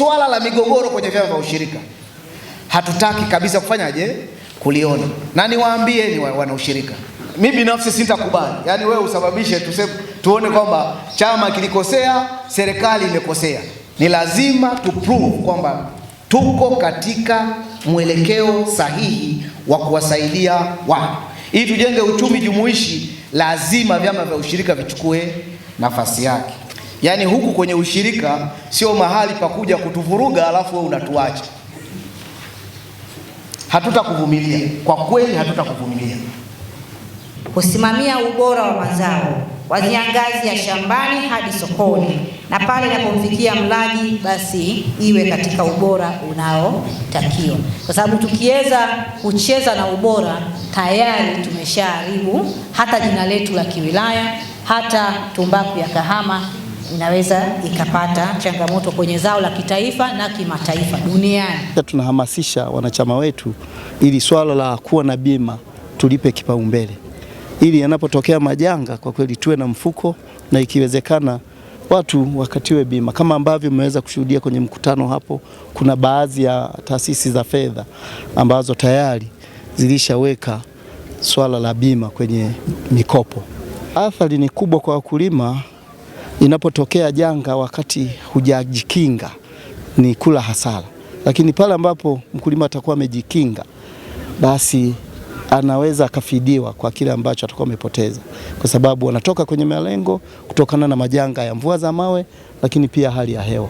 swala la migogoro kwenye vyama vya ushirika hatutaki kabisa kufanyaje kuliona, na niwaambie ni wanaushirika, mimi binafsi sitakubali, yaani wewe usababishe tuseme, tuone kwamba chama kilikosea, serikali imekosea. Ni lazima tu prove kwamba tuko katika mwelekeo sahihi wa kuwasaidia watu ili tujenge uchumi jumuishi. Lazima vyama vya ushirika vichukue nafasi yake. Yaani huku kwenye ushirika sio mahali pa kuja kutuvuruga alafu wewe unatuacha. Hatutakuvumilia, kwa kweli hatutakuvumilia. Kusimamia ubora wa mazao kuanzia ngazi ya shambani hadi sokoni, na pale inapomfikia mlaji, basi iwe katika ubora unaotakiwa, kwa sababu tukiweza kucheza na ubora tayari tumeshaharibu hata jina letu la kiwilaya, hata tumbaku ya Kahama inaweza ikapata changamoto kwenye zao la kitaifa na kimataifa duniani. Tunahamasisha wanachama wetu ili swala la kuwa na bima tulipe kipaumbele, ili yanapotokea majanga kwa kweli tuwe na mfuko na ikiwezekana watu wakatiwe bima kama ambavyo mmeweza kushuhudia kwenye mkutano hapo. Kuna baadhi ya taasisi za fedha ambazo tayari zilishaweka swala la bima kwenye mikopo. Athari ni kubwa kwa wakulima inapotokea janga wakati hujajikinga ni kula hasara, lakini pale ambapo mkulima atakuwa amejikinga, basi anaweza akafidiwa kwa kile ambacho atakuwa amepoteza, kwa sababu wanatoka kwenye malengo kutokana na majanga ya mvua za mawe, lakini pia hali ya hewa.